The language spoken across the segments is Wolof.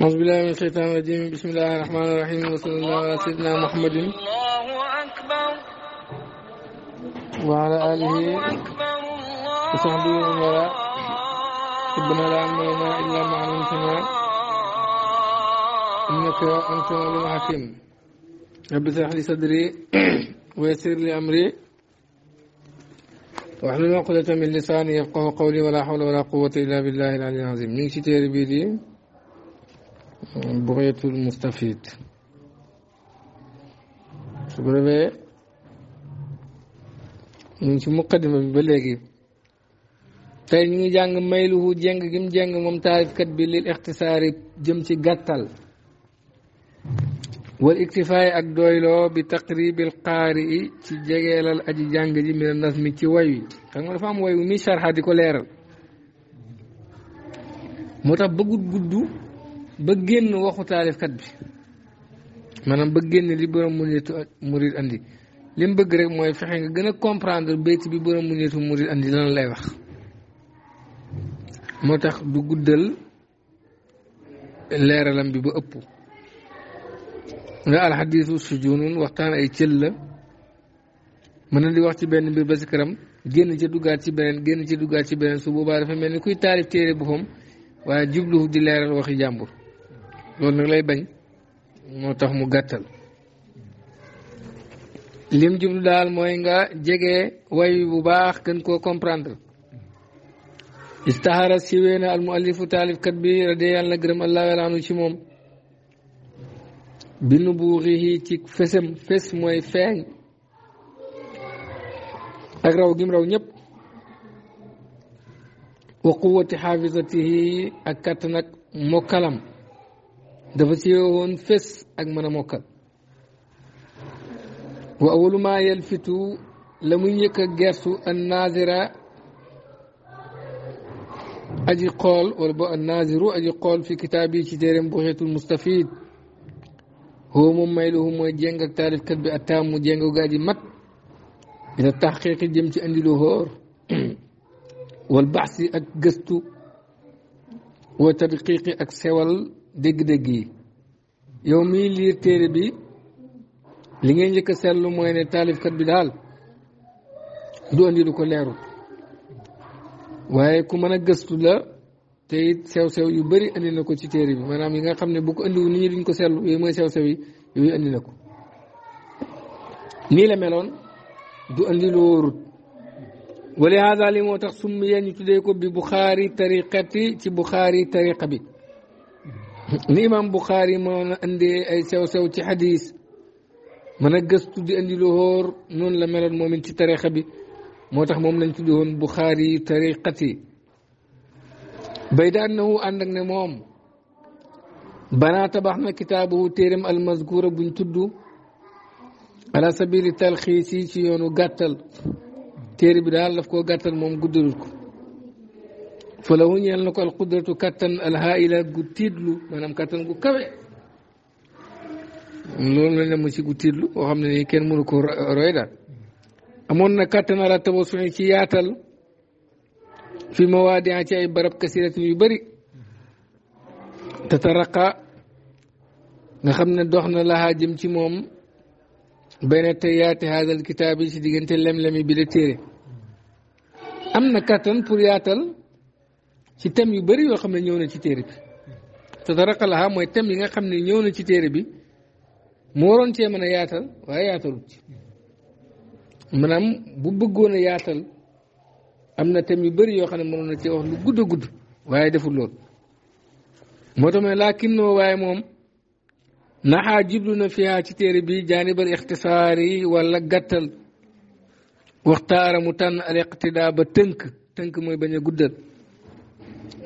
أعوذ بالله من الشيطان الرجيم بسم الله الرحمن الرحيم وصلى الله على سيدنا محمد الله أكبر وعلى آله وصحبه ومن والاه ربنا لا علم لنا إلا ما علمتنا إنك أنت العليم الحكيم رب اشرح لي صدري ويسر لي أمري واحلل عقدة من لساني يفقه قولي ولا حول ولا قوة إلا بالله العلي العظيم من شتير بيدي buxyatul mustafid su ko defee ñu ngi ci muqaddima bi ba léegi tey ñu ngi jàng mayluhu jeng gi mu jeng moom taarifkat bi lil ixtisaari jëm ci gàttal wal iktifaay ak doyloo bi taqribil qaari i ci jegeelal aji jàng ji mina nas mi ci way wi xam nga dafa am way wi muy sarxa di ko leeral moo tax bëggut gudd ba génn waxu taalifkat bi maanaam ba génn li borom muniyatu murid andi li bëgg rek mooy fexe nga gën a comprendre béyti bi borom muniyatu murid andi lan lay wax moo tax du guddal leeralam bi ba ëpp nga alxadiisu sujunun waxtaan ay cël la mën na di wax ci benn mbir ba si këram génn ci duggaat ci beneen génn ci duggaat ci beneen su boobaa dafa mel ni kuy taalif téere boppam waaye jubluhu di leeral waxi jàmbur loolu na lay bañ moo tax mu gàttal lim jublu daal mooy nga jege way bu baax gën koo comprendre istahara siwee na al muallifu taalifkat bi radi yàlla na gërëm ci moom bi nu ci fésam fés mooy feeñ ak raw gim raw ñëpp wa quwati xaafisatihi ak kàtt nag mokkalam دفتيون فس أجمنا مكان وأول ما يلفتو لم يك جرسو الناظرة أجي قال ورب الناظر أجي قال في كتابي كتيرم بوحية المستفيد هو ممايل هو مجنغ تعرف كتب أتام مجنغ وقادي مت إلى التحقيق جمت أندي لهور والبحث أكستو وتدقيق أكسوال dégg-dégg yi yow mii liir téere bi li ngay njëkk a seetlu mooy ne taalifkat bi daal du andi lu ko leeru waaye ku mën a gëstu la te it sew-sew yu bari andi na ko ci téere bi maanaam yi nga xam ne bu ko andiwu nit ñi duñ ko seetlu yooyu mooy sew-sew yi yooyu andi na ko nii la meloon du andi lu wóorut wala hada moo tax summi yeen tuddee ko bi buxaari tariqati ci buxaari tariqa bi نيمان بخاري ما عندي أي سو سو حديث من قصت دي عندي لهور نون لما المؤمن تاريخ بي ما تخ مؤمن تدهون بخاري طريقتي بيد أنه عندك نمام بنات بحنا كتابه تيرم المذكور بن تدو على سبيل التلخيصي شيونو قتل تيرم دال لفكو قتل مهم قدركم falawu ñeel na ko alqudratu kattan alhaila gu tiidlu maanaam kattan gu kawe loolu la dem ci gu tiidlu boo xam ne kenn mënu ko roy daal na kattan ala tabasuñ ci yaatal fi mawaadi ci ay barab kasiratin yu bëri tataraqa nga xam ne dox na laxaa jëm ci moom benn te yaate haadal ci diggante lem-lemi bi am na kattan pour yaatal ci thèmes yu bari yoo xam ne ñëw na ci téere bi mooy thèmes yi nga xam ne ñëw na ci téere bi mu waroon cee mën a yaatal waaye yaatalut ci maanaam bu bëggoona a yaatal am na thèmes yu bari yoo xam ne mënoon na cee wax lu gudd gudd waaye deful loolu moo tax ma laakin noo waaye moom naxaa jiblu na fiyaa ci téere bi jaanibal ixtisaar yi wala gàttal waxtaara mu tànn al iqtidaa ba tënk tënk mooy bañ a guddal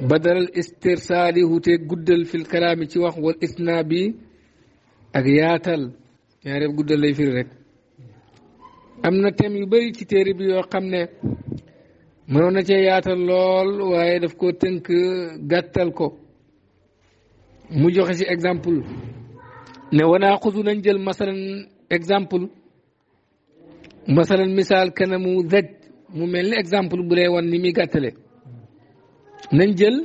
badaral istirsaali wute guddal fil kalaami ci wax wal isna bi ak yaatal ñaareel guddal lay firi rek am na thème yu bëri ci téere bi yoo xam ne mënoon na cee yaatal lool waaye daf koo tënk gàttal ko mu joxe ci exemple ne wanaa xusu nañ jël masalan exemple masalan misaal kanamu daj mu mel ni exemple bu lay wan ni muy gàttale nañ jël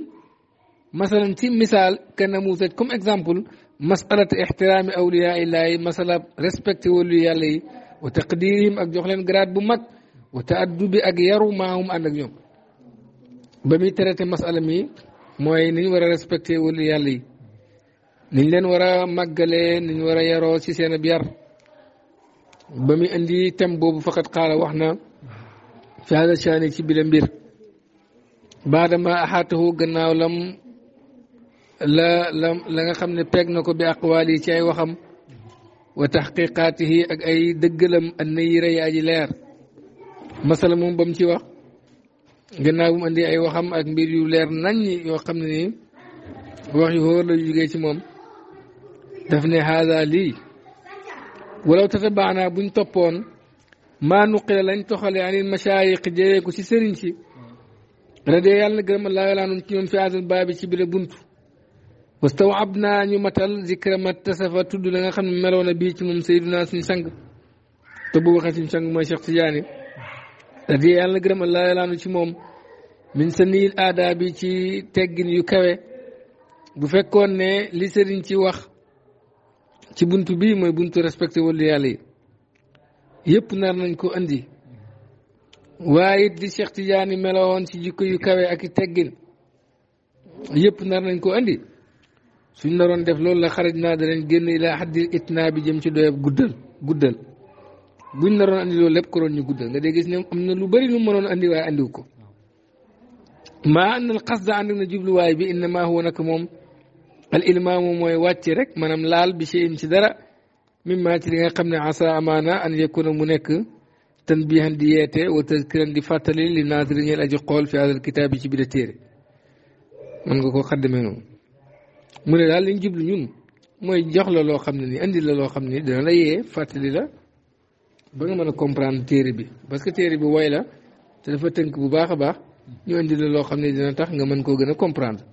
masalan ci misaal kanamu sëj comme exemple masalatu ixtiraami awliyaa illaahi masala respecté wàllu yàlla yi wa ak jox leen grade bu mag wa taaddubi ak yaru maahum ànd ak ñoom ba muy traité masala mi mooy niñ war a respecté wàllu yàlla yi niñ leen war a màggalee niñ war a yaroo ci seen ab yar ba muy indi thème boobu faqat xaala wax na fi hada shaani ci bila mbir بعد ما أحاته قناو لم لا لم لنا خم نبيك نكو بأقوالي شاي وخم وتحقيقاته أي دقلم أني ري أجي لير مثلا مون بمشي وخ قناو مندي أي وخم أكبر يو لير نني وخم نني وخي هور لو يجي موم دفني هذا لي ولو تتبعنا بنتبون ما نقل لن تخلي عن المشايق جيكو سي سرينشي rajo yàlla na gërëm laa yalaanum ci ñoom fi asal baabi ci biir bunt wastaw ab naa ñu matal zikra ma tasafa tudd la nga xam ne meloon a bii ci moom sayduna suñu sang te bu waxee suñu sang mooy Cheikh Tidiane rajo yàlla na gërëm laa yalaanu ci moom min sa niil aada bi ci teggin yu kawe bu fekkoon ne li sëriñ ci wax ci bunt bii mooy bunt respecté wala yàlla yi yëpp nar nañ ko andi. waaye di li Cheikh Tidiane meloon ci jikko yu kawe ak i teggin yëpp nar nañ ko andi suñ naroon def loolu la xaraj naa danañ génn ilaa xaddi itnaa bi jëm ci doyab guddal guddal naroon andi loolu lépp ko doon ñu guddal nga dee gis ne am na lu bëri lu mënoon andi waaye andiw ko maa an al ànd na jubluwaay bi innama huwa moom mooy wàcce rek maanaam laal bi shay'in ci dara mimma ci li nga xam ne asa amaana an yakuna mu nekk تنبيها لياتي وتذكرا لفاتل لناظرين يلاجي قول في هذا الكتاب يجي بلتيري من قوكو خدمين من الهال ينجيب لنيون ما يجيخ لو خمني عندي لو خمني دينا لأيه فاتل لا بغي ما نكمبران تيري بي بس كتيري بي ويلا تنفى تنك بباخ باخ ñu andil loo xam ne dina tax nga mën koo gën a comprendre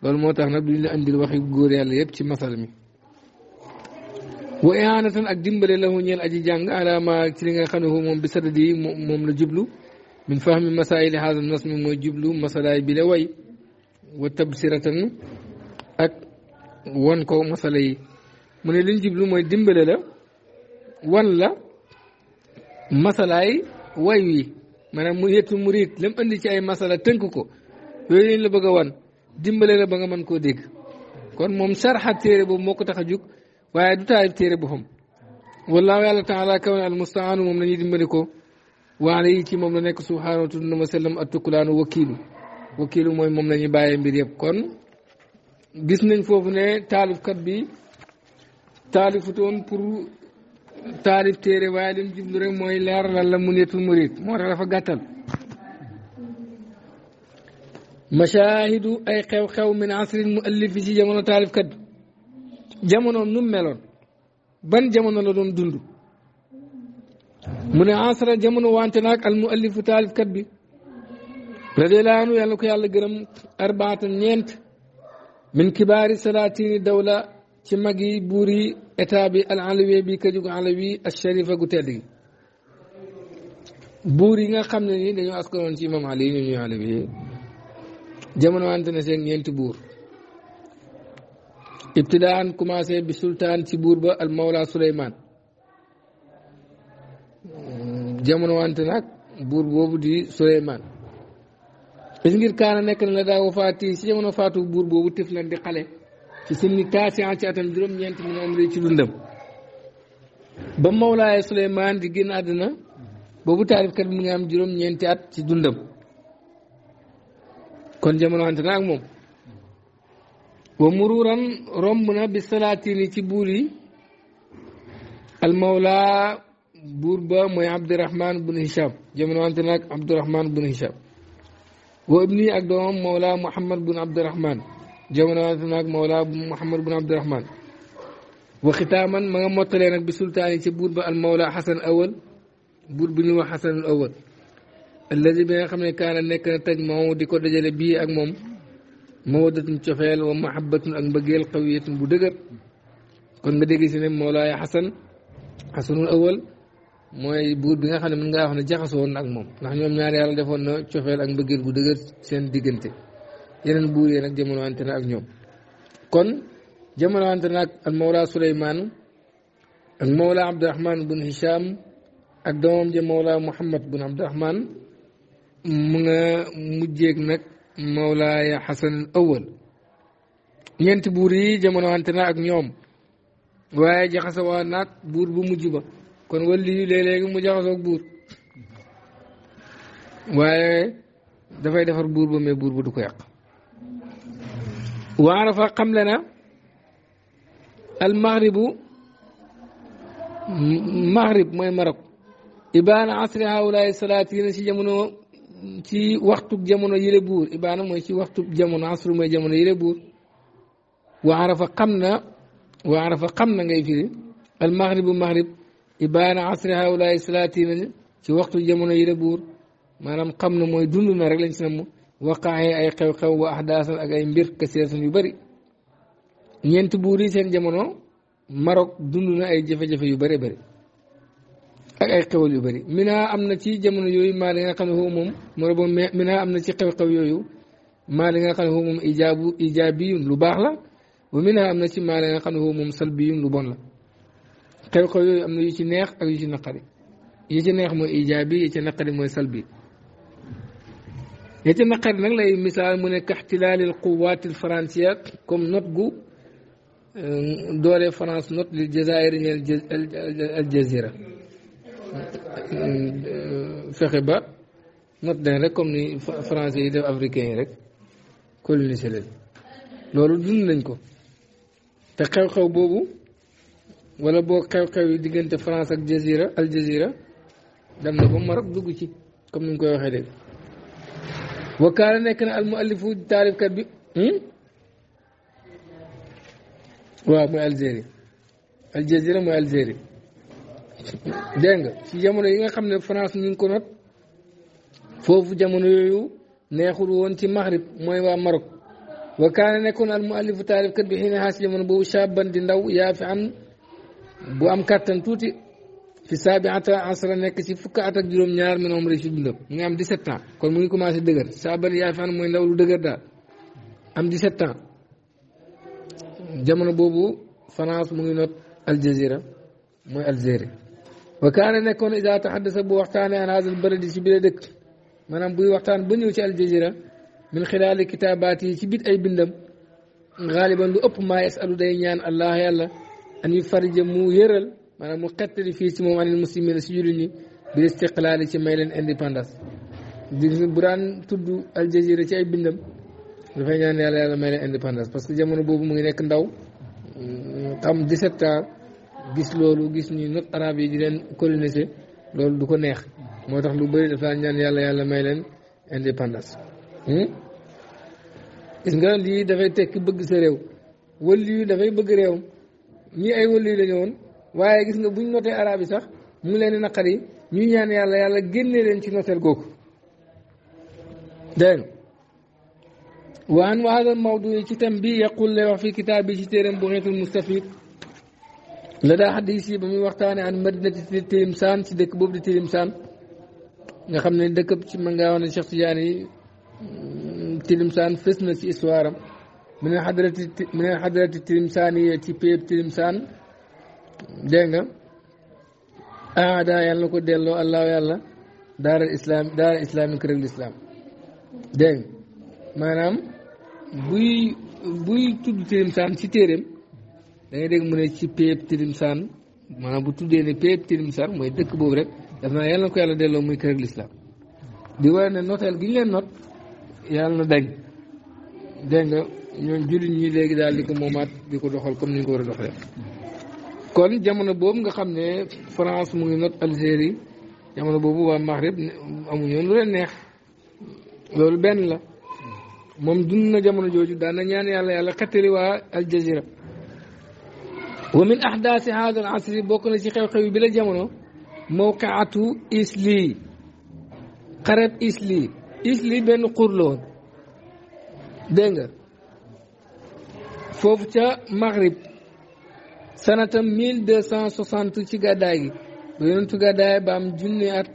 loolu moo tax nag duñ la andil waxi góor yàlla yépp ci masal mi wa ihanatan ak dimbale lahu ñeel aji jàng alaama ci li nga xam ne moom bi sadad yi moom la jublu min fahmi masaili a nas mi mooy jublu masalaay bi la way wa tabsiratan ak wan ko masala yi mu ne liñ jublu mooy dimbale la wan la masalaay way wi maanaam mu yettu murid lam andi ci ay masala tënk ko yooyu la bëgg a wan dimbale la ba nga mën koo dégg kon moom sarxa téere boobu moo ko tax a jug waaye du taarif téere boppam wallaahu yàlla taala kaw ne almustaanu moom la ñuy dimbali ko waane yi ci moom la nekk subhaanahu tudd na ma sallam attukulaanu wakiilu wakiilu mooy moom la ñuy bàyyee mbir yëpp kon gis nañ foofu ne taalifkat bi taalifutoon pour taalif téere waaye lim jublu rek mooy leer lan la mu netul murid moo tax dafa gàttal mashaahidu ay xew-xew min asrin muallif yi ci jamono taalifkat bi jamonoom nu meloon ban jamono la doon dund mu ne ansara jamono wante naag al mu allifu taalifkat bi radiyallaahu anhu yàlla ko yàlla gërëm arbaatan ñeent min kibaari salaatini dawla ci mag yi buur yi état bi al alawi bi ka jug alawi al sharifa gu tedd gi buur yi nga xam ne ni dañoo askanoon ci imam ali ñu ñuy alawi jamono wante na seen ñeenti buur ibtidaan commencé bi sultaan ci buur ba al mawla Souleymane jamono wante nag buur boobu di Souleymane bis ngir kaana nekk na la daa wafaati si jamono faatu buur boobu tiflan di xale ci sinni kaasi an ci atam juróom-ñeent min umri ci dundam ba mawlaaya Souleymane di génn àddina boobu taarifkat bi mu ngi am juróom-ñeenti at ci dundam kon jamono wante moom wa mururan romb na bi salaatini ci buur yi almawla buur ba mooy abdurahman bun hisham jamono wante nag abdurahman bun hisham wa ibni ak doomam mawla muhammad bun abdurahman jamono wante nag mawla muhammad bun abdurahman wa xitaaman ma nga mottalee nag bi sultaani ci buur ba almawla xasan awal buur bu ñuy wax xasanul awal alladi bi nga xam ne kaana nekk na taj moo di ko dajale bii ak moom mawaddatun cofeel wa mahabbatun ak mbëggeel qawiyatun bu dëgër kon nga dégg si ne Mawlaaya Xasan Xasanul awal mooy buur bi nga xam ne mën ngaa wax ne jaxasoo woon ak moom ndax ñoom ñaar yàlla defoon na cofeel ak mbëggeel gu dëgër seen diggante yeneen buur yee nag jamono ante na ak ñoom kon jamono ante na ak al Mawla Suleymaan ak Mawla Abdurahman bun Hisham ak doomam ja Mawla Muhammad bun Abdurahman mu nga mujjeeg nag mawlaaya xasanul awal ñeenti buur yi jamono na ak ñoom waaye jaxasa waa naag buur bu mujj ba kon wàllu yu mu jaxasoog buur waaye dafay defar buur ba mais buur ba du ko yàq waara fa xam le na almahribu mahrib mooy marok ibaana asri haulaay salaatiina si jamono ci waxtu jamono yële buur baana mooy ci waxtu jamono asru mooy jamono yële buur wa arafa xam na wa arafa xam na ngay firi al maghribu maghrib ibaana asri haulaay salaatina ci waxtu jamono yële buur maanaam xam na mooy dund na rek lañ si namm waqaaye ay xew-xew wa ahdaasan ak ay mbir kasiiratan yu bari ñeenti buur yi seen jamono Maroc dund na ay jafe-jafe yu bëri bari ak ay xewal yu bëri minaa am na ci jamono yooyu maa li nga xam ne foofu moom mu ne boobu minaa am na ci xew-xew yooyu maa li nga xam ne foofu moom ijaabu ijaabiyun lu baax la wa minaa am na ci maa li nga xam ne foofu moom salbiyun lu bon la xew-xew yooyu am na yu ci neex ak yu ci naqari yi ci neex mooy ijaabi yi ci naqari mooy salbi yi ci naqari nag lay misaal mu ne kaxtilaalil quwaatil faransiya comme not gu doole France not li jazair ñeel al jazira fexe ba not leen rek comme ni français yi def africains yi rek coloniser leen loolu dund nañ ko te xew-xew boobu wala boo xew-xew yi diggante France ak Jazira Al Jazira dem na ba Maroc dugg ci comme ni ñu koy waxee dégg wakaala nekk na hmm? al muallifu taarifkat bi waaw mooy Algérie mooy Algérie dégg nga ci jamono yi nga xam ne France ñu ngi ko not foofu jamono yooyu neexul woon ci Maghrib mooy waa Maroc wa kaana nekkoon al muallifu taalifkat bi xëy na xaas jamono boobu chaban di ndaw yaa fi am bu am kattan tuuti fi saabiata asra nekk ci fukk at ak juróom-ñaar min omri ngi am 17 ans kon mu ngi commencé dëgër chaban yaa fi am mooy ndaw lu dëgër daal am jamono boobu France mu ngi not Aljazeera mooy Algérie وكان ان يكون اذا تحدث ابو وقتان عن هذا البلد شي بلدك مانام بو وقتان بنيو تي الجزيره من خلال كتاباتي شي بيت اي بندم غالبا لو اوب ما يسال داي نيان الله يلا ان يفرج مو يرل مانام مو قتل في سمو عن المسلمين سجلني بالاستقلال شي ميلن انديبندنس دي بران تود الجزيره تي اي بندم دا فاي نيان يلا يلا ميلن انديبندنس باسكو بوبو مغي نيك نداو تام 17 gis loolu gis ñu nëpp arab yi di leen coloniser loolu du ko neex moo tax lu bëri dafa ñaan yàlla yàlla may leen indépendance hmm? gis nga lii dafay tekk bëgg sa réew wëllu yu dafay bëgg réewam ñii ay wëllu lañu woon waaye gis nga buñ notee arab yi sax mu leen naqari ñuy ñaan yàlla yàlla génne leen ci noteel googu dégg waan wa mawdu ci tam bi yaqul wax fi kitaab bi ci téeram bu xeetul mustafid لدى حديثي بمي وقتاني عن مدينة تلمسان سيدك بوب تلمسان نخمنا ندكب منغاوان الشخص يعني تلمسان فسنا سي اسوارم من حضرة من حضرة تلمسان هي تيبيب تلمسان دينغا أعدا يالله كو ديالو الله يالله دار الإسلام دار الإسلام كر الإسلام دينغ مانام بوي بوي تود تلمسان da ngay dégg mu ne ci péeb Tilimsaan maanaam bu tuddee ne péeb Tilimsaan mooy dëkk boobu rek daf naa yàlla na ko yàlla delloo muy kër lislaam di war ne noteel gi ñu leen not yàlla na dañ dégg nga ñoom jullit ñi léegi daal di ko moomaat di ko doxal comme ni ñu ko war a doxalee kon jamono boobu nga xam ne France mu ngi not Algérie jamono boobu waa Maghreb amuñu lu leen neex loolu benn la moom dund na jamono jooju daan na ñaan yàlla yàlla xettali waa Aljazeera wa min ahdaasi haada al asri bokk na ci xew-xew bi la jamono mawqiatu isli xarab isli isli benn xur la woon dégg nga foofu ca maghrib sanata mille deux cent soixante ci gàddaay gi ba gàddaay ba am junni at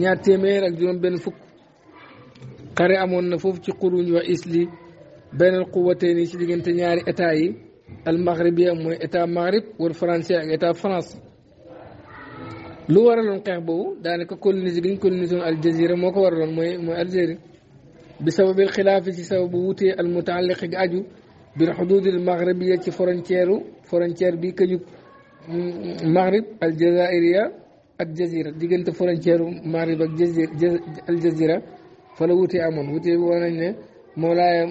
ñaar téeméer ak juróom benn fukk xare amoon na foofu ci xur wu ñuy wax isli benn quwatee nii ci diggante ñaari état yi المغربيه موي ايتا مغرب والفرنسيه يعني ايتا فرنسا لو ورالون خيخ دانك كل نيز كل نيزون الجزيره مو ورالون موي الجزيره بسبب الخلاف بسبب ووتي المتعلق اجو بالحدود المغربيه تي فرونتيرو فرونتير بي كيو المغرب الجزائريه الجزيره ديغنت فرونتيرو مغرب الجزيره فلا ووتي امون ووتي وانا Mawlaaya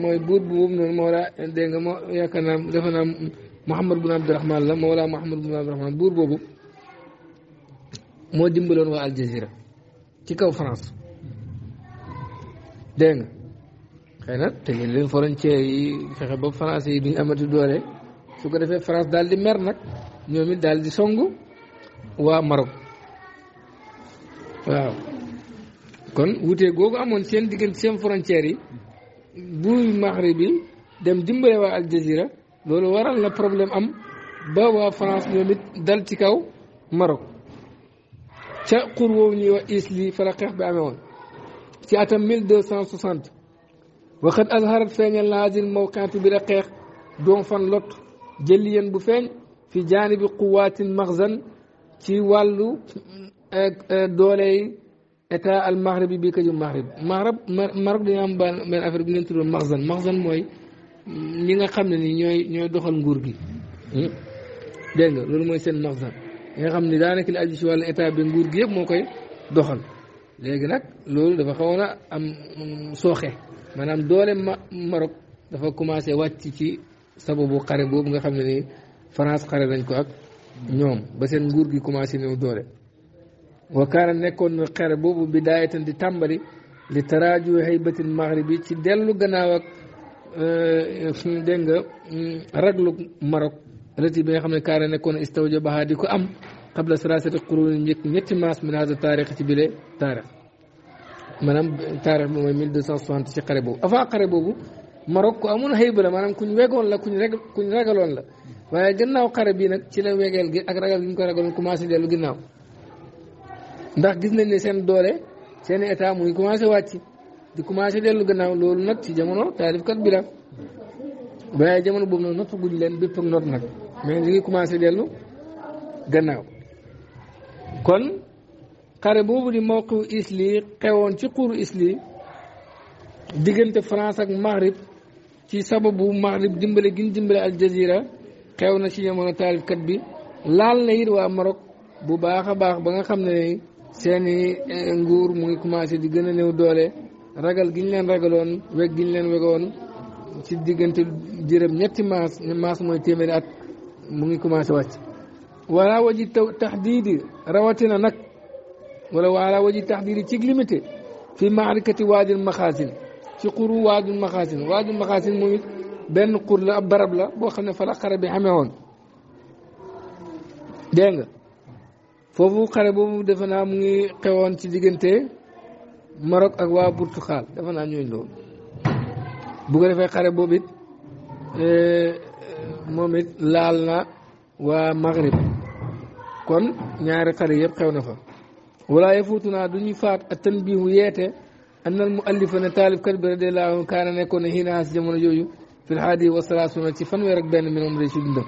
mooy buur bu boobu noonu Mawla dégg nga moo yaakaar naa defe naa Mouhamad bun Abdurahman la Mawla Mouhamad bun Abdurahman buur boobu moo dimbaloon waa Aljazeera ci kaw France dégg nga xëy na te leen frontière yi fexe ba France yi duñ amati doole su ko defee France daal di mer nag ñoom it daal di songu waa Maroc waaw. kon wute gogo amone sen digënt sen frontière yi bu Maghrib bi dem dimbale wa al Aljazira lolu waral na problème am ba wa France ñoom it dal ci kaw Maroc ca xur woowu ñuy wax isli fa la xeex bi amee ci atam 1260 waxat azharat feeñal na hasil mawkaatu bi la xeex doom fan lot jëliyen bu feeñ fi jaanibi quwaatin maxzan ci wàllu doole yi إتا المغرب بيك يوم مغرب مغرب مغرب دي أم بان من أفريق نتر المغزن مغزن موي نيغا خامن ني نيو نيو دخل نغورغي دينغ لول موي سين مغزن نيغا خامن دانك لي ادي شوال إتا بي نغورغي ييب موكاي دخل لغي نك لول دا فا خونا ام سوخه مانام دولي مغرب دا فا كوماسي واتي سي سبب قري بوب نيغا خامن ني فرنسا خري نانكو اك نيوم با سين نغورغي كوماسي نيو دولي wakaana nekkoon na xere boobu bidaayatan di tàmbali li taraaju haybatil maghribi ci dellu gannaaw ak euh, dégg nga mm, raglu Marok alati bi nga xam ne kaana nekkoon istawjabaha di ko am qabla salaasati quruni njëkk ñetti maas min hada taarix ci bile taarix maanaam taarix bi mooy mille deux ci xare boobu avant xare boobu Marok ku amoon hayba la maanaam kuñ wegoon la kuñ reg kuñ ragaloon la waaye gannaaw xare bii nag ci la wegeel gi ak ragal gi ñu ko ragaloon commencé dellu ginnaaw ndax gis nañ ne seen doole seen état muy commencé wàcc di commencé dellu gannaaw loolu nag ci jamono taalifkat bi la waaye jamono boobu nag nottu guñ leen bépp ak not nag mais ñu ngi commencé dellu gannaaw kon xare boobu di mawqiw isli xewoon ci xuuru isli diggante France ak Maghrib ci sababu Maghrib dimbale giñ dimbale aljazira xew na ci jamono taalifkat bi laal na it waa Maroc bu baax a baax ba nga xam ne seeni eh, nguur mu ngi commencé di gën a néew doole ragal gi leen ragaloon weg gi ñu leen wegoon ci diggante jërëm ñetti maas maas mooy téeméeri at mu ngi commencé wàcc wala waji taxdiidi rawatina nag wala wala waji taxdiidi ci limité fi maarikati waadil maxaasin ci xuru waadil maxasin waadil maxaasin moom it benn xur la ab barab la boo xam ne fa la bi xamee woon dégg foofu xare boobu defe naa mu ngi xewoon ci diggante Maroc ak waa Portugal defe naa ñooñu loolu bu ko defee xare boobu eh, moom it laal na waa Maghrib kon ñaari xare yëpp xew na fa wala yafuutu naa du ñuy faat ak tan biihu yeete annal mu allifa ne taalifkat bi radiallahu kaana nekkoon na xinaas jamono yooyu fil haadi wa salaasuna ci fanweer ak benn minam day ci dundam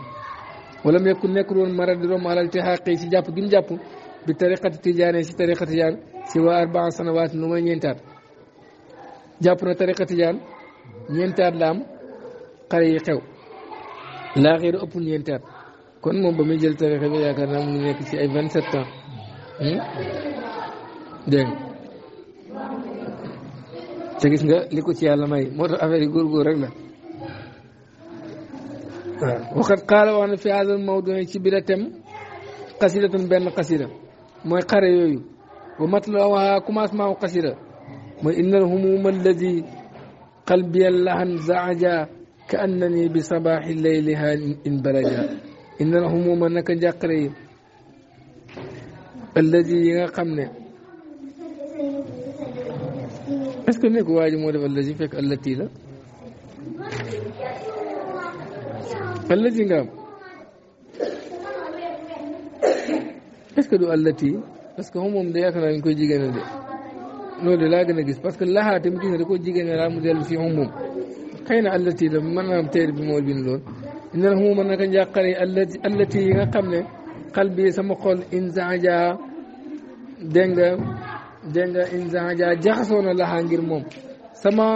wala mu yekku nekkul woon mara di romb alal te xaqi si jàpp gi mu jàpp bi tariqati tijaane si tariqa tijaan si waa arbaa sanawaat lu mooy ñeentaat jàpp na tariqa tijaan ñeentaat la xare yi xew laaxiru ëpp ñeentaat kon moom ba muy jël tariqa bi yaakaar naa mu nekk ci ay vingt sept ans hmm? te gis nga li ko ci yàlla may moo tax affaire yi góor-góor rek la نعم. وقد قال وانا في هذا الموضوع تم قصيدة بين قصيدة ما يقرأ يو ومثلها كما اسمع قصيدة ما إن الهموم الذي قلبي الله زعجا كأنني بصباح الليل هل إن برجا إن الهموم أنك جاكري الذي يقمنا أسكن لك واجه الذي فيك التي لا allati nga am est-ce que du allati parce que moom de yaakaar naa dañ koy jigéenal de loolu de laa gën a gis parce que laxaa tamit gis nga da koo jigéenal daal mu dellu si moom xëy na allati la maanaam téere bi moo bind loolu. inna na xumuma naka njàqare yi allati allati yi nga xam ne xal bi sama xol inzaaja dégg nga dégg nga inzaaja jaxasoo na laxaa ngir moom sama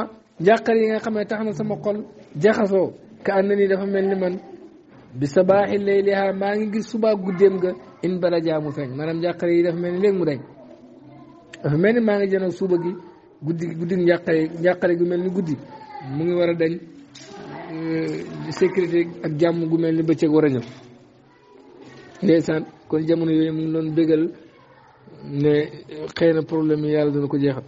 njàqare yi nga xam ne tax na sama xol jaxasoo. ka ànd ni dafa mel ni man bi sabaaxi layliha maa ngi gis subaa guddeem ga in bala jaamu feeñ maanaam njàqare yi dafa mel ni léegi mu dañ dafa mel ni maa ngi jënoon suba gi guddi guddi njàqare njàqare gu mel ni guddi mu ngi war a dañ euh, sécurité ak jàmm gu mel ni bëccëg war a ñëw ndeysaan kon jamono yooyu mu ngi bégal ne xëy na problème yi yàlla dana ko jeexal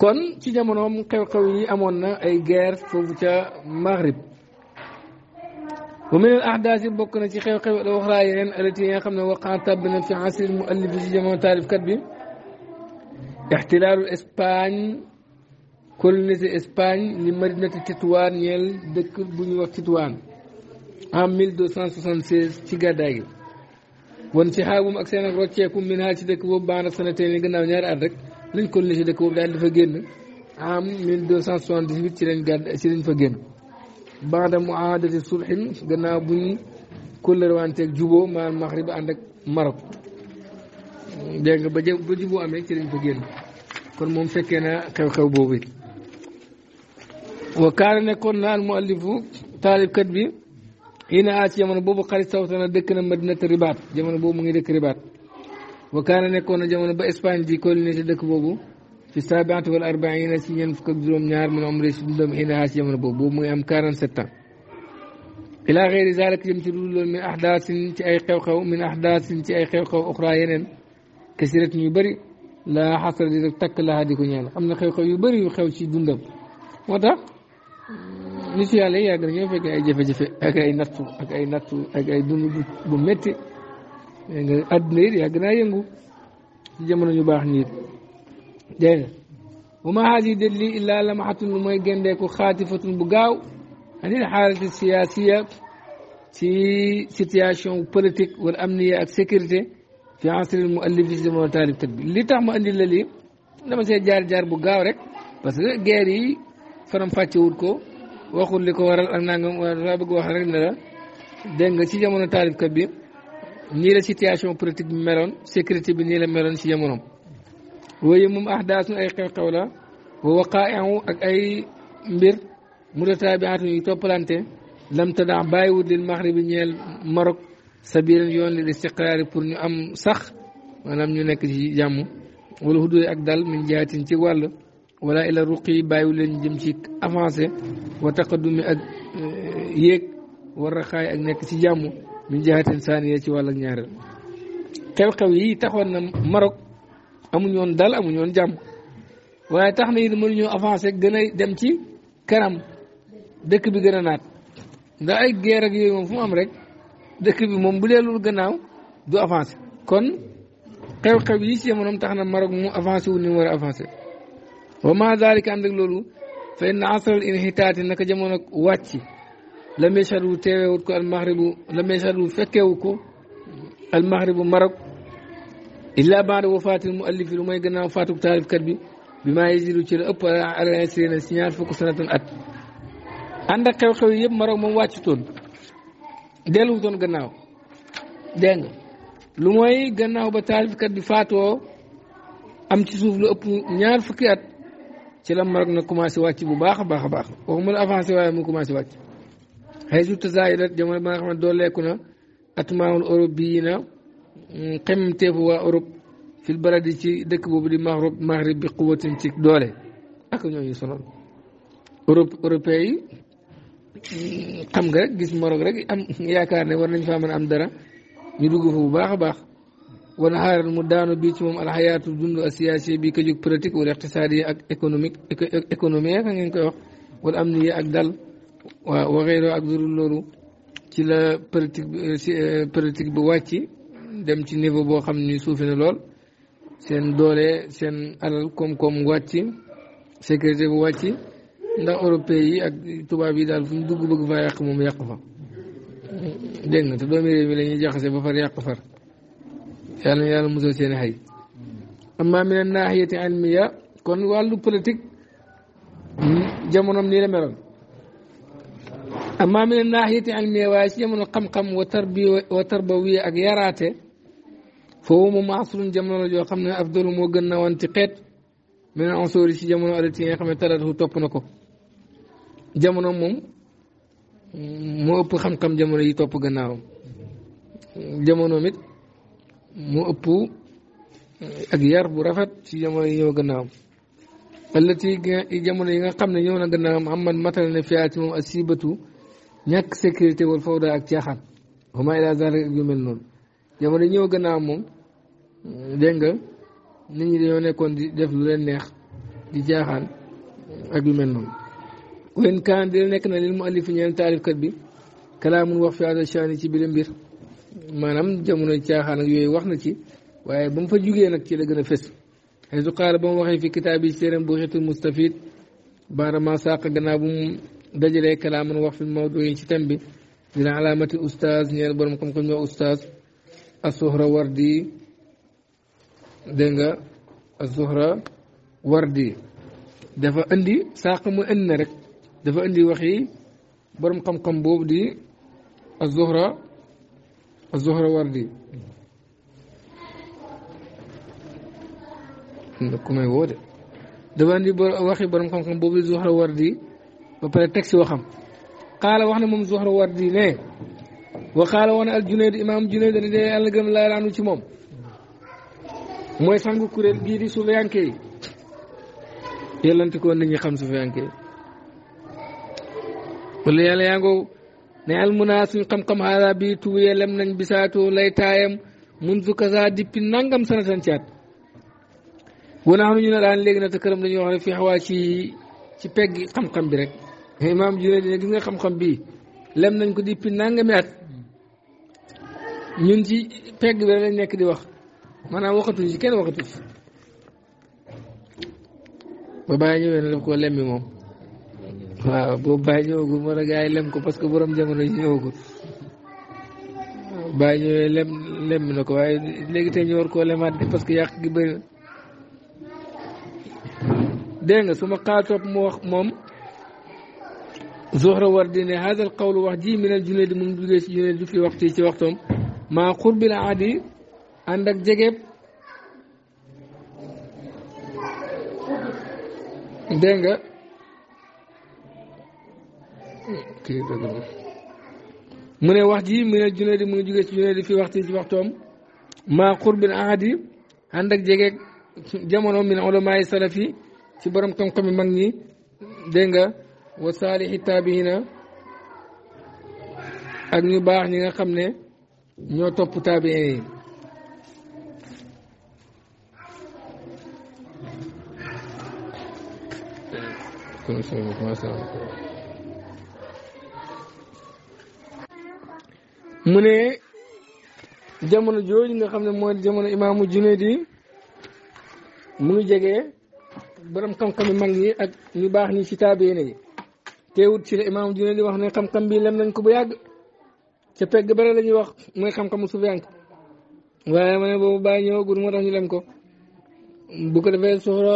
كون ci jamono xew xew yi amon na ay guerre fofu ca maghrib ومن الاحداث بوكنا شي خيو خيو الاخرى يعني التي يعني خمنا وقعت بنا في عصر المؤلف في جمع تعرف كتبي احتلال اسبان كل نزي اسبان لمدينة تتوان يل دك بني وقت تتوان عام 1276 في غداي وان شي حاوم اكسين روتشيكم دك وبان سنتين لغنا ونار ادرك lañ ko lii si dëkk boobu daal dafa génn am 1278 ci lañ gàdd ci lañ fa génn baax mu aadati sulhin gannaaw bu ñu kóllërwanteeg juboo maanaam Maghrib ànd ak Maroc dégg nga ba jë ba juboo amee ci lañ fa génn kon moom fekkee na xew-xew boobu it. wa naa nekkoon na al muallifu taalibkat bi xii na aat ci jamono boobu xarit sawtana dëkk na madinata ribaat jamono boobu mu ngi dëkk ribaat. wakaana nekkoon na jamono ba Espagne di colonisé dëkk boobu fi saabiati wal arbaina si ñeent fukk ak juróom-ñaar mun am si dundam ina si jamono boobu boobu mu ngi am 47 ans ila xeeri zalik jëm ci dul loolu min ahdaasin ci ay xew-xew min ahdaasin ci ay xew-xew oxra yeneen kasirat ñu bëri laa xasra di rek takk laa di ko ñaan am na xew-xew yu bëri yu xew ci dundam moo tax nit yàlla yàgg na ñoo fekkee ay jafe-jafe ak ay nattu ak ay nattu ak ay dund bu métti nga àdduna it yàgg naa yëngu ci jamono ñu baax ñiit dégg nga bu ma haadi dét lii illaa lamaxatun mooy gendeeku xaatifatun bu gaaw anil xaalati siyaasiya ci situation politique wala amniya ak sécurité fi asril mu allif ci jamono taalif kat bi li tax ma andi la lii dama see jaar-jaar bu gaaw rek parce que guerre yi faram fàccewut ko waxul li ko waral ak nangam waaye bëgg wax rek ne la dégg nga ci jamono taalif kat bi ni la situation politique bi meloon sécurité bi ni la meloon si yamonom waye mum ahdaatun ay xew la wa waqaa'i'u ak ay mbir mutataabi'atun yu toplanté lam tada bàyyiwut lil maxribi ñeel Maroc sabilan yoon li istiqrar pour ñu am sax manam ñu nekk ci jàmm wal hudu ak dal min jaatin ci wal wala ila ruqi bàyyiwul len jëm ci avancer wa taqaddum ak yek war raxaay ak nekk ci jàmm min jaatin saaniya ci wàll ak ñaareel xew-xew yi taxoon na Maroc amuñu woon dal amuñu woon jàmm waaye tax na it mënuñoo avancé gën a dem ci kanam dëkk bi gën a naat ndax ay guerre ak yooyu moom fu mu am rek dëkk bi moom bu leelul gannaaw du avancé kon xew-xew yi ci jamonoom tax na Maroc mu avancé wu ni war a avancé wa ma daalika ànd ak loolu fa inna asral inxitaati naka jamono wàcc lam yashadu teewewut ko almahribu lam yashadu fekkewu ko almahribu marok illa baada mu muallifi lu mooy gannaaw faatuk taarifkat bi bi maa yesidu ci la ëpp àlsrina si ñaar fukk sanatan yëpp marok moom wàccutoon delluwutoon gannaaw dégg nga lu mooy gannaaw ba taarifkat bi faatoo am ci suuf lu ëpp ñaar fukki at ci la marok na commencé wàcc bu baax a baax a baax waxuma la avancé waaye mu commencé wàcc haysu tasaayilat jamono ba nga xam ne dooleeku na at atmaawul eurobiyiina mm, xemam teefu waa Europe fil baladi ci dëkk boobu di maghrib maghrib bi quwatin ci doole ak ñooñu sonal Europe européen yi xam mm, nga rek gis Maroc rek am yaakaar ne war nañ faa mën a am dara ñu dugg fa bu baax a baax wana xaaral mu daanu bii ci moom alxayaatu dund asiyaasi bi ko jóg politique wala iqtisaadi ak économique économie ak ngeen koy wax wala am ni ak dal waaw waxee ak durul loolu ci la politique euh, euh, politique bi wàcc dem ci niveau boo xam ni suufi na lool seen doole seen alal koom-koom wàcc sécurité bu wàcc ndax européen yi ak tubaab yi daal fu ñu dugg bëgg faa yàq moom yàq fa dégg nga te doomi réew mi la ñuy jaxase ba far yàq far yàlla musal seen i xay amma min naaxiyati ilmiya kon wàllu politik jamonoom nii la meloon amma min naahiyati ilmiya waaye ci jamono xam-xam wa tarbiya wa tarbawiya ak yaraate foofu moom asrun jamono la joo xam ne afdalu moo gën na wanti xeet min ansori ci jamono alati nga xam ne taratu topp na ko jamono moom moo ëpp xam-xam jamono yi topp gannaawam jamonoom it moo ëpp ak yar bu rafet ci jamono yi ñëw gannaawam allati jamono yi nga xam ne ñëw na gannaawam am man matal ne fiyaa ci moom asibatu ñàkk sécurité wal fawda ak caaxaan wama ila zalik ak yu mel noonu jamono ñëw gannaaw moom dégg nga nit ñi dañoo nekkoon di def lu leen neex di caaxaan ak yu mel noonu wen kaan di nekk na lil mu allif ñeen taalifkat bi kalaamun wax fi ada shaani ci bile mbir maanaam jamono caaxaan ak yooyu wax na ci waaye ba mu fa jugee nag ci la gën a fës xëy su xaala ba mu waxee fi kitaab yi ci téeram bu xitul mustafid baarama sàq gannaaw dajale kalaamun wax fi mawdu ci thème bi dina alamati oustaz ñeel borom kom ko ñoo oustaz suhra wardi denga nga asuhra wardi dafa andi saaq mu indi rek dafa andi wax yi borom xam-xam bobu di az-zuhra az-zuhra wardi ndokumay wode dafa indi waxi borom xam-xam bobu di zuhra wardi ba pare teg si waxam xaala wax na moom Zuhra Wardi ne wa xaala woon al Junayd imaam Junayd dana de yàlla gëm laa laanu ci moom mooy sangu kuréel gii di suufiyanke yi yellante ko nit ñi xam suufiyanke yi wala yàlla yaa ngoo ne almunaa suñ xam-xam haala bi tuuye lem nañ lay taayam mun su dippi nangam sanatan caat wona xam ñu ne daan léegi na te këram wax ne fi xawaa ci ci pegg xam bi rek imaam Juwayni ne gis nga xam-xam bii lem nañ ko di pi nangami at ñun ci pegg bi lañ nekk di wax maanaam waxatuñ ci kenn waxatu ci ba bàyyi ñëwee na daf koo lemmi moom waaw boobu bàyyi ñëwagul yi lem ko parce que borom jamono yi ñëwagul bàyyi lem lemmi na ko waaye léegi tey ñu war koo lemaat parce que yàq gi bëri na nga su ma xaatoop mu wax moom زهر وردين هذا القول وحدي من الجنيد من دوريس جنيد في وقت في وقتهم ما قرب العادي عندك جيب دينغا من وحدي من الجنيد من دوريس جنيد في وقت في وقتهم ما قرب العادي عندك جيب جمعنا من علماء السلفي في برمكم كم مني دينغا wa saalixi taabihina ak ñu baax ñi nga xam ne ñoo topp taabiin yi mu ne jamono jooju nga xam ne mooy jamono imaamu Junayd mu ngi jege borom xam-xam yu mag yi ak ñu baax ñi ci taabiin yi teewut ci la imaam dina di wax ne xam-xam bi lem ko bu yàgg ca pegg bare la ñuy wax mooy xam-xamu sufyaan waaye ma ne boobu bàyyi ñëwagul moo tax ñu lem ko bu ko defee soxla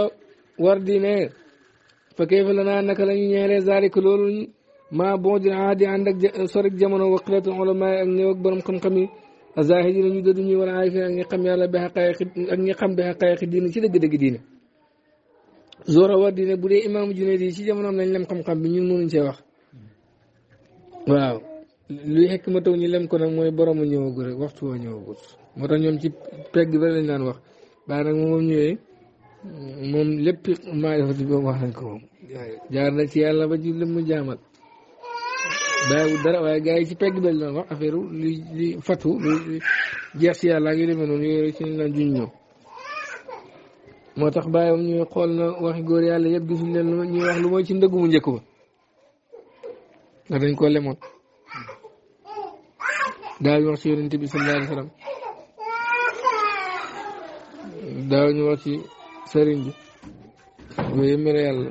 war di ne fa kayfa lanaa naka la ñu ñeelee zaalika loolu maa bon di aadi ànd ak sorik jamono wa qillatu ulamaay ak néew ak borom xam-xam a zahidi la ñu dëddu ñuy wala aarifiin ak ñi xam yàlla bi xaqaayiq ak ñi xam bi xaqaayiq diine ci dëgg-dëgg diine Zora war di bu dee imaamu Junayd ci jamonoom nañ lem xam-xam bi ñun mënuñ see wax waaw luy xekk ma taw ñu lem ko nag mooy boromu ñëwagul rek waxtu woo ñëwagul moo tax ñoom ci pegg bi lañ wax baax nag moom ñëwee moom lépp maarifati boobu wax nañ ko moom jaar na ci yàlla ba ci lëm mu jaamal bàyyiwul dara waaye gars yi ci pegg bi lañ daan wax affaire lu li fatu lu jeex si yàlla ak yu noonu yooyu rek ci lañ juñ ñëw moo tax bàyyam ñuy xool na waxi góor yàlla yëpp gisuñ leen ñuy wax lu mooy ci ndëggu mu njëkk ba ndax dañ ko lemoon daaw wax ci yonente bi daaw ñu wax ci sëriñ bi yooyu mere yàlla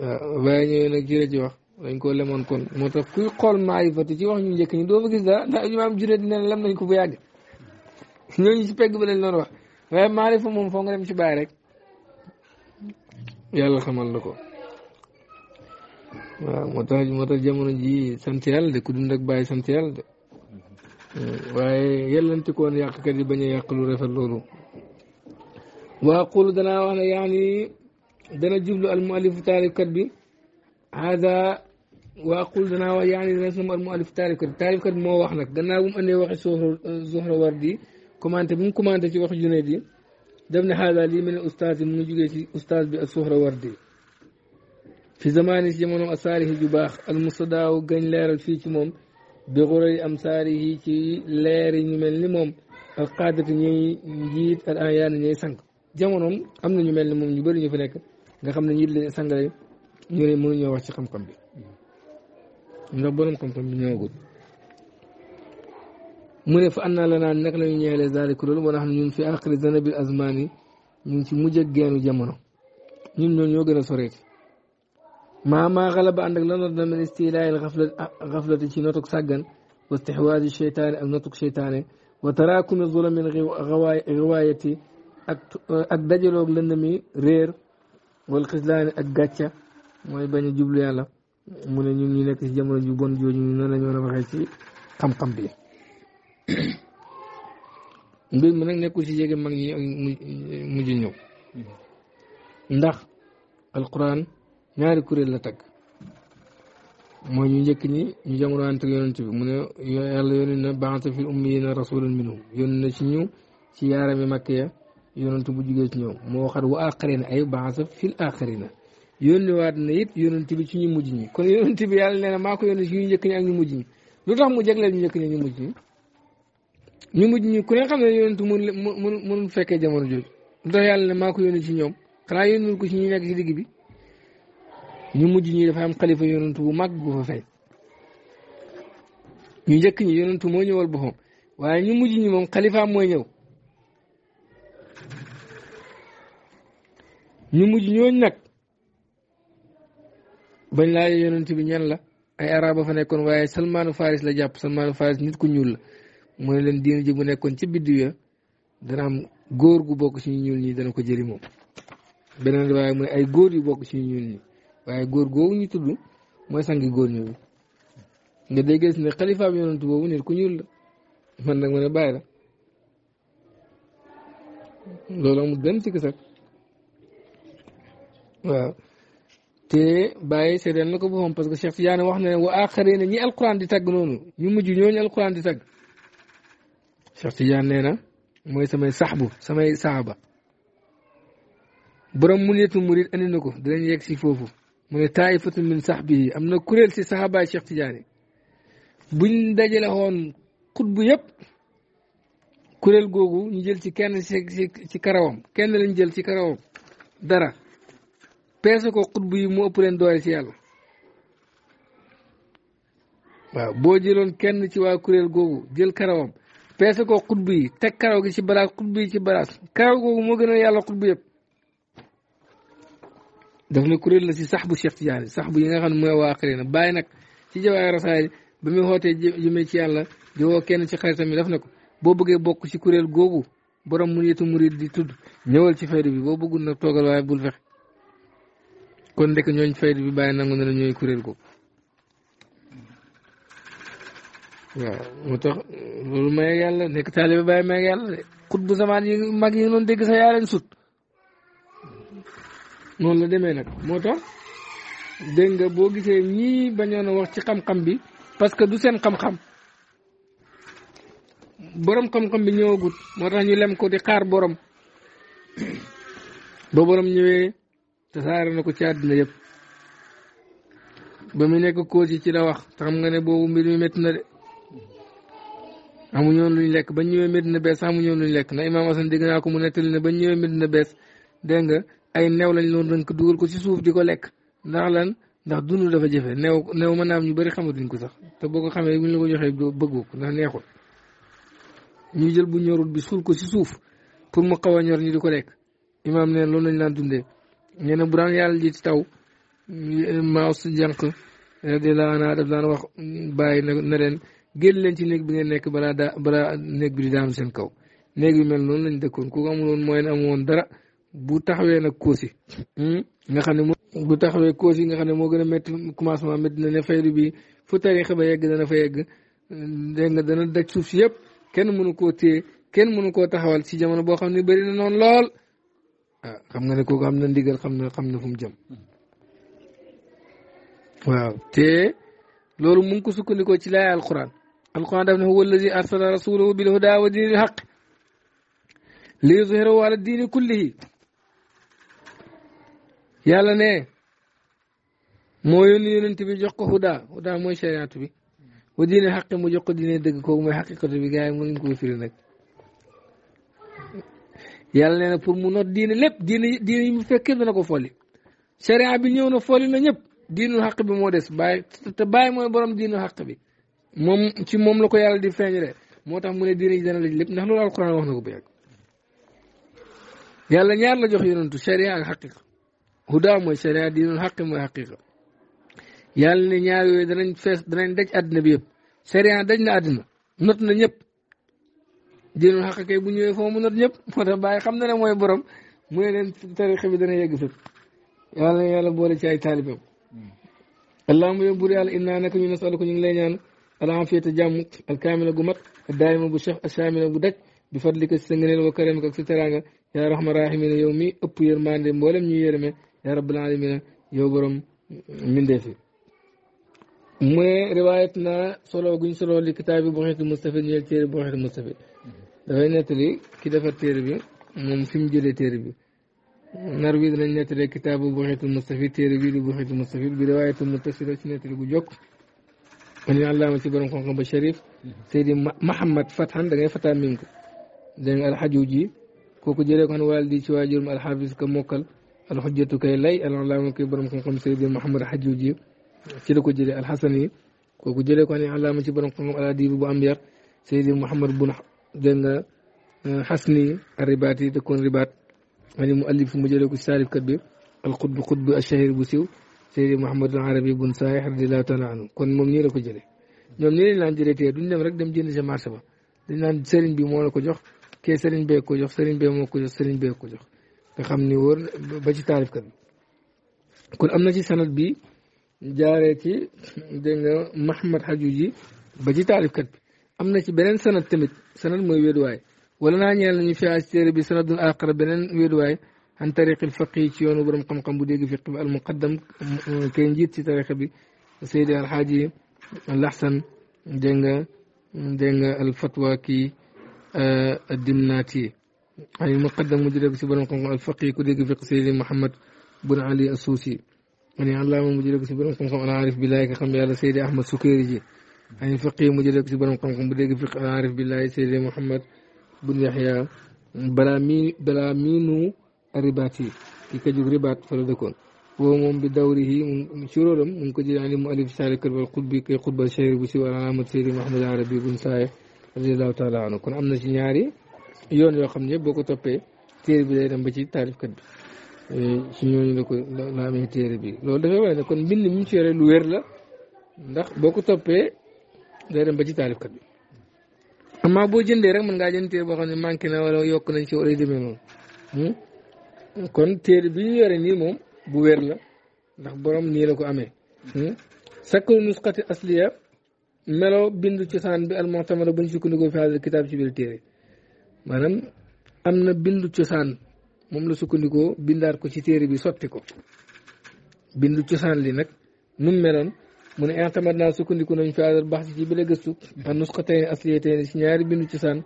waaw waaye ñëwee nag jërë ji wax dañ koo lemoon kon moo tax kuy xool maarifati ci wax ñu njëkk ñi doo fa gis dara ndax imaam juré dina lam nañ ko bu yàgg ñooñu si pegg ba lañ doon wax waaye maarifa moom foo nga dem ci bàyyi rek yàlla xamal la ko waaw moo tax moo tax jamono ji sant yàlla de ku dund ak bàyyi sant yàlla de waaye yellanti koon yàqkat yi bañ a yàq lu rafet loolu waa qul danaa wax ne yaani dana jublu almuallifu taarifkat bi hada waa qul danaa wax yaani dana sama almuallifu taarifkat bi taarifkat bi moo wax nag gannaaw bu mu andee waxi soxra soxra war di commenté bu mu commenté ci wax Junayd yi def ne xaaral lii mel ne ustaas yi mu ngi jugee ci ustaas bi ak Suhrawardi fi zamaani si jamonoom asaarihi ju baax al mustadaaw gañ leeral fii ci moom bi xuray am saarihi ci leeri ñu mel ni moom al qaadati ñuy njiit al ayaan ñuy sang jamonoom am na ñu mel ni moom ñu bari ñu fa nekk nga xam ne njiit lañu sangale ñu ne mënuñoo wax ci xam-xam bi ndax borom xam-xam bi ñëwagul. من فأنا لنا نقل من يالي ذلك كله ونحن من في آخر زنب الأزمان من في مجد جان جمنا من دون يوغن سوريت ما ما غلب عندك لنظر من استيلاء الغفلة غفلة في نطق ساقن واستحواذ الشيطان أو نطق وتراكم الظلم من غوايتي أكدجلو لندمي رير والخزلان أكدجا ما يبني جبلي على من ينينك جمنا جبون جوجي من أنا كم كم بيه mbir mi nag nekkul ci jege mag ñi mujj ñëw mm-hmm. ndax alquran ñaari kuréel la tagg mooy ñu njëkk ñi ñu jamonoante ak yonent bi mu ne yàlla yónni na baata fi ummiyina rasulan minhum yónni na ci ñu ci yaarami makk ya yonent bu jugee ci ñëw moo waxat wa axarina ay baata fil axarina yónni waat na it yonent bi ci ñu mujj ñi kon yonent bi yàlla nee na maa ko yónni ci ñu njëkk ñi ak ñu mujj ñi lu tax mu jagleel ñu njëkk ñi ñu mujj ñi ñu mujj ñu ku xam ne yonentu mënul mënul mënul fekkee jamono jooju lu tax yàlla ne maa ci ñoom xanaa ko ci ñi nekk ci digg mujj ñi dafa am xalifa yonentu bu mag fa ñu njëkk ñi yonentu moo ñëwal boppam waaye ñu mujj moom xalifaam mooy ñëw ñu mujj ñooñu nag bañ laaj yonent bi ñan la ay araba fa nekkoon waaye salmaanu faris la jàpp salmaanu faris nit ku ñuul la mu ne leen diine ji nekkoon ci biddiw ya dana am góor gu bokk ci ñu ñuul ñi dana ko jëri moom beneen waaye mu ne ay góor yu bokk ci ñu ñuul ñi waaye góor googu ñu tudd mooy sangi góor ñooñu nga dégg gis ne xalifaam yonantu boobu nit ku ñuul la man nag ma ne bàyyi la loolu amul benn sikk sax waaw te bàyyi seedeel na ko boppam parce que Cheikh Tidiane wax ne wa axaree ne ñi alquran di tagg noonu ñu mujj ñooñu alquran di tagg Cheikh Tidiane nee na mooy samay saxbu samay saaba borom muniyatu murid andi na ko danañ yegg si foofu mu ne taaifatun min saxbi am na kuréel si saxaabaay Cheikh Tidiane buñ dajale woon xutbu yëpp kuréel googu ñu jël ci kenn ci karawam kenn lañ jël ci karawam dara peese ko xutbu yi mu ëpp leen doole ci yàlla waaw boo jëloon kenn ci waa kurél googu jël karawam. peese ko xutbu yi teg karaw gi ci balaas xutbu yi ci balaas karaw googu moo gën a yàlla xutbu yëpp daf ne kuréel la si sax bu Cheikh Tidiane sax bu yi nga xam ne mooy waa xëy na bàyyi nag ci jawaay rasaay ba muy xootee jëmee ci yàlla di woo kenn ci xaritam yi daf na ko boo bëggee bokk ci kuréel googu borom mu yetu murid di tudd ñëwal ci faydu bi boo bëggul nag toogal waaye bul fexe kon ndek ñooñ faydu bi bàyyi nangu ne la ñooy kuréel googu waaw moo tax loolu may ak yàlla nekk taaliba bàyyi may ak yàlla de xut bu zamaan mag yi nga doon dégg sax yaa sut noonu la demee nag moo tax dégg nga boo gisee ñii bañoon wax ci xam-xam bi parce que du seen xam-xam borom xam-xam bi ñëwagut moo tax ñu lem ko di xaar borom ba borom ñëwee tasaare na ko ci àddina yëpp ba mu nekk kóos yi ci la wax te xam nga ne boobu mbir mi métti de. amuñu woon luñ lekk ba ñëwee Medina Bees amuñu woon luñ lekk na Imaam Asan dégg naa ko mu nettali ne bañ ñëwee Medina Bees dégg nga ay new lañ loon rënk dugal ko ci suuf di ko lekk ndax lan ndax dund dafa jafe new new mën naa am ñu bëri xamatuñ ko sax te boo ko xamee buñ la ko joxee bëggoo ko ndax neexul ñu jël bu ñorul bi suul ko si suuf pour mu xaw a ñor ñi di ko lekk Imaam neen loolu lañ daan dundee nee na bu daan yàlla di ci taw maaw si jànq radiyallaahu anhaa daf daan wax bàyyi na leen génn leen ci néeg bi ngeen nekk balaa daa balaa néeg bi di daanu seen kaw néeg bi mel noonu lañ dëkkoon ku amul mooy ne amul woon dara bu taxawee nag koosi hmm? nga xam ne moo bu taxawee koosi nga xam ne moo gën a métti commencement métti na ne faydu bi fu tariixa ba yegg dana fa yegg dégg nga dana daj suuf si yëpp kenn mënu koo téye kenn mënu koo taxawal ci jamono boo xam ne bëri na noonu lool ah xam nga ne kooku am na ndigal xam na xam na fu mu jëm waaw te loolu mu ngi ko ci laay alquran alquran daf ne huwa alladi arsala rasulahu bilhuda wa diini lxaq li yuzhirahu ala diini kullihi yàlla ne moo yónni yonent bi jox ko huda mooy shariatu bi wa diine xaqi mu ko diine dëgg kooku mooy xaqiqatu bi gars yi mënuñ koo firi nag yàlla na pour mu not diine lépp diine diine yi mu fekkee dana ko folli sharia bi ñëw na folli na ñëpp diinu xaq bi moo des bàyyi te bàyyi mooy xaq bi moom ci moom la ko yàlla di feeñale moo tax mu ne diine ji dana laj lépp ndax loolu alquran wax na ko bu yàgg yàlla ñaar la jox yonentu sharia ak xaqiqa huda mooy sharia diinul xaqi mooy xaqiqa yàlla ne ñaar yooyu danañ fees danañ daj àddina bi yëpp sharia daj na àddina not na ñëpp diinul xaq kay bu ñëwee foo mu not ñëpp moo tax bàyyi xam na ne mooy borom mu ne leen tarixa bi dana yegg fépp yàlla boole ci ay taalibam hmm. allahuma yow buur yàlla العافية تجامك الكامل قمر الدائم أبو بشخ الشامل دك بفضلك السنجنين وكرمك ستراغا يا رحمة رحمة يومي أبو يرمان دي مولم يرمي يا رب العالمين يوبرم من دفي موي روايتنا صلو غين صلو لكتاب بوحية المستفيد نيال تير بوحية المستفيد دافاي نتلي كي دافا بي ممكن فيم تير بي نروي دنا نتلي كتاب بوحية المستفيد تير بي بوحية المستفيد برواية المتصلة نتلي بو جوك يقول لك ان من يعلم الله سيد رمضان خمبا شريف سيد محمد فتح عند غير فتح منك دين الحجوجي كوكو جري كان والدي شو أجرم الحافظ كموكل الحجة كي لا يعلم الله من كبر من خمبا سيد محمد الحجوجي كلو كجري الحسني كوكو جري كان يعلم الله سيد رمضان على ديب أبو أمير سيد محمد بن دين حسني الرباطي تكون رباط من المؤلف مجرد كسالب كبير القطب قطب الشهير بسيو Seydi Mouhamadul Arabi bun Saalih radiyallaahu taalaa anhu kon moom ñii la ko jëlee ñoom ñii lañ laan jëlee tey duñ dem rek dem jënd sa marché ba dañ naan sëriñ bi moo la ko jox kee sëriñ bee ko jox sëriñ bee moo ko jox sëriñ bee ko jox nga xam ni wóor ba ci taarifkat bi kon am na ci sanat bi jaaree ci dégg nga Mahmad Hajuji ba ci taarifkat bi am na ci beneen sanat tamit sanat mooy wéeduwaay wala naa ñeel nañu fi ci téere bi sanadul aqra beneen wéeduwaay عن طريق الفقيه تيونو برم قم قم بديق في المقدم كين جيت في تاريخ بي سيدي الحاجي الأحسن دينغا دينغا الفتوى كي آه، الدمناتي أي يعني مقدم مجرب سي برم قم الفقيه كديق في سيدي محمد بن علي السوسي أني يعني الله مدير بس برم قم قم أنا عارف بالله كخم يا سيدي أحمد سكيري جي أي يعني فقيه مجرب سي برم قم قم بديق في أنا عارف بالله سيدي محمد بن يحيى برامي برامينو ribaat yi ki ka jug ribaat fa la dëkkoon bi dawri yi mu ngi ko jëlee mu alif saari kërbal xutbi kay xutbal shahir bu si wala alamat seydi arabi bun saaye radiallahu taala anhu kon am na ci ñaari yoon yoo xam ne yëpp boo ko toppee day dem ba ci taarifkat bi eh, ci ñooñu la ko la amee bi loolu dafay wane kon mbind mu ci yore lu wér la ndax boo ko toppee day dem ba ci taarifkat bi amaa boo jëndee rek mën ngaa jënd téere boo xam ne manqué na wala yokk nañ ci wala demee noonu hmm? kon téere bi ñu yore nii moom bu wér la ndax boroom nii la ko amee hmm? sakkaru nusxati asliya melo bindu cosaan bi almutamada buñ sukkandikoo fi haadal kitaab ci maanaam am na bindu cosaan moom la sukkandikoo bindaat ko ci téere bi sotti ko bindu cosaan li nag nu meloon mu ne intamad naa sukkandiku nañ fi haadal baxsi ci bi la gëstu an nusxatayni ci ñaari bindu cosaan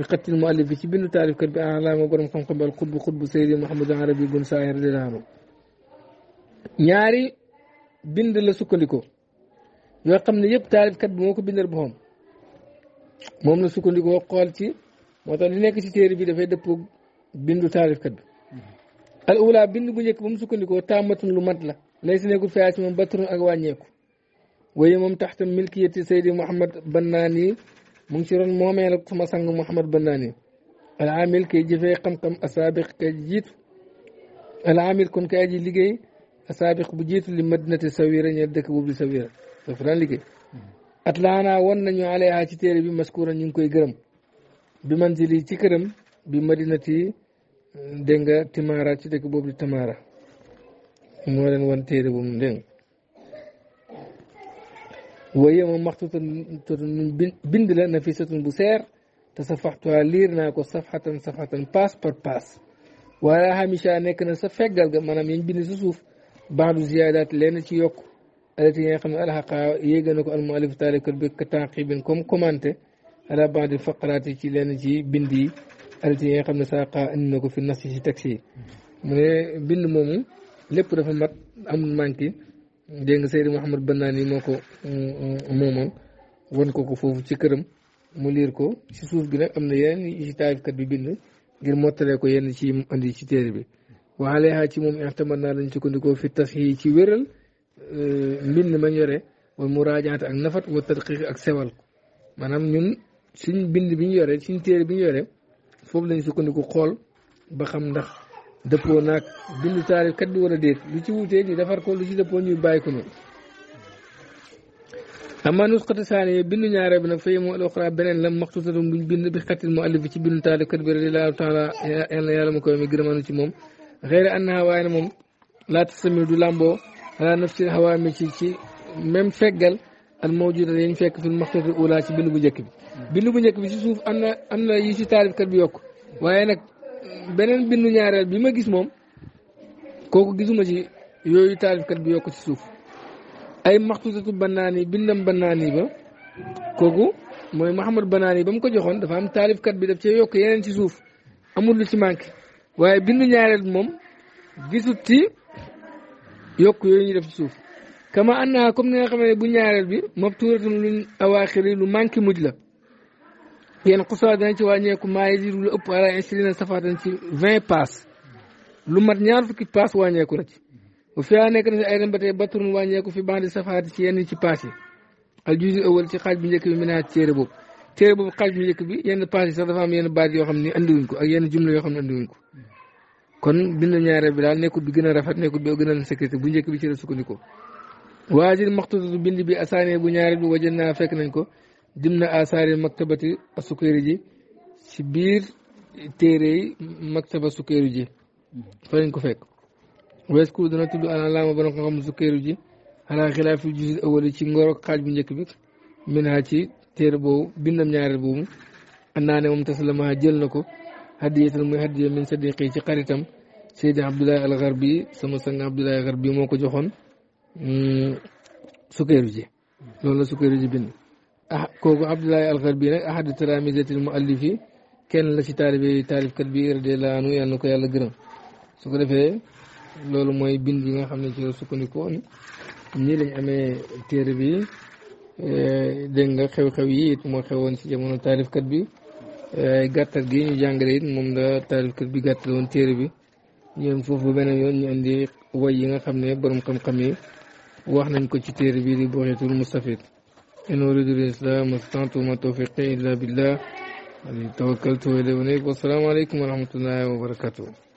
يقتل المؤلف في بنو تعرف كرب أعلى مقرم قم قبل قطب قطب سيدي محمد العربي قن سائر للهانو ياري بند لسكوليكو يقم نيب تعرف كرب موكو بند ربهم مومن سكوليكو وقالتي وطالي نكسي تيري بيدا فايدا بوك بند تعرف كرب الأولى بند بنيك بمسكوليكو تامة لمدلة ليس نيكو فياسي من بطر أغوانيكو ويمم تحت ملكية سيدي محمد بناني mu ngi ci ron moomeel ak sama sang Mouhamad Bandaani al amil kay jëfee xam-xam asaabiq kay jiit al amil kon kay aji liggéey asaabiq bu jiitu li madinati sawira ñeel dëkk boobu di sawira dafa daan liggéey at laanaa wan nañu alayha ci téere bi maskuura ñu ngi koy gërëm bi manzili ci këram bi madinati dégg Timaara ci dëkk boobu di moo leen wan téere boobu dégg وهي من مخطوطة بند في نفيسة بسير تصفحتها ليرنا صفحة صفحة باس بر باس ولا هميشا نكنا سفقل من ينبين سوف بعض الزيادات لنا تيوك التي يقن الحقا يغنك المؤلف ذلك بكتاقيب كم كومانت على بعض الفقرات التي لنا تي بندي التي يقن ساقا أنك في النص تكسي تاكسي من بند مومو لب dafa mat amul dégg nga Seydou Mouhamed Bannaani moo ko moomoon wan ko ko foofu ci këram mu liir ko ci suuf gi nag am na yeneen ci taarifkat bi bind ngir mottalee ko yenn ci indi ci téere bi waaleehaa ci moom ixtamat naa lañ sukkandikoo fi tas yi ci wéral euh, mbind mañ yore mu muraajaat ak nafat wa tadqiq ak sewal ko maanaam ñun suñ bind bi ñu yore suñ téere bi ñu yore foofu lañ sukkandiku xool ba xam ndax dëppoo naag bindu taarif kat bi war a déet lu ci wuutee ñu defar ko lu ci dëppoo ñu bàyyi ko noonu amma nusxatu saani bindu ñaare bi nag fay mu al-uxra beneen la maxtuusatum buñ bind bi xatil mu allif bi ci bindu taarif kat bi radiyallaahu taala yàlla yàlla ma koy mi gërëmanu ci moom xëyra annaha waaye ne moom laa tastamil du làmboo ala nafsi xawaa mi ci ci même feggal al mawjuda yañ fekk fil maxtuusatul ula ci bind bu njëkk bi bind bu njëkk bi ci suuf am na am na yi ci taarif beneen bindu ñaareel bi ma gis moom kooku gisuma ci yooyu taalifkat bi yokk ci suuf ay maxtuutatu bannaani bindam bannaani ba kooku mooy Mouhamad bannaani ba mu ko joxoon dafa am taalifkat bi daf cee yokk yeneen ci suuf amul lu ci manqué waaye bindu ñaareel bi moom gisut ci yokk yooyu ñu def ci suuf kama annaa comme ni nga xam ne bu ñaareel bi mabtuuratun luñ awaaxiri lu manqué mujj la. yéen xusaa dana ci wàññeeku maa yasiru lu ëpp ala insilina safaatan ci vingt paas lu mat ñaar fukki paas wàññeeku na ci bu fiyaa nekk na si ay ren ba tey wàññeeku fi bandi safaati ci yenn ci paas yi al juzi awal bi njëkk bi minaat téere boobu téere boobu xaaj bi njëkk bi yenn paas yi sax dafa am yenn baat yoo xam ne andiwuñ ko ak yenn jumla yoo xam ne andiwuñ ko kon bind ñaareel bi daal nekkul bi gën a rafet nekkul bi gën a sécurité bu njëkk bi ci la sukkandikoo waajir maxtutu bi asaane bu ñaareel bi wajan naa fekk nañ ko dimna asaari maktabati sukayri ji ci biir téere yi maktaba sukayri ji fa ko fekk wees ku dana tudd ana laama bana ko xam sukayri ji xanaa xilaaf yi jusit ci ngoro xaaj bu njëkk bi min ha ci téere boobu bindam ñaareel boobu ne moom taslama jël na ko hadiyatal muy hadiya min sadiqi ci xaritam Seydi Abdoulaye al Garbi sama sang Abdoulaye Garbi moo ko joxoon mm, sukayri ji loolu la sukayri ji bind كوكو عبد الله الغربي احد تلاميذه المؤلف كان لا سي طالب طالب كبير دي لا نو يال نكو يالا غرم سوكو ديفه لولو موي بيند ييغا خامني سي سوكو نيكو ني لا امي تيري بي دنگا خيو خيو يي مو خيوون سي جامونو طالب كبير اي غاتال جي ني جانغري موم دا طالب كبير غاتال وون تيري بي ñoom foofu beneen yoon ñu andi way yi nga xam ne borom xam-xam yi wax nañ ko ci téere bii di إن أريد الإسلام استطعت وما توفيقي إلا بالله عليه توكلت وإليه والسلام عليكم ورحمة الله وبركاته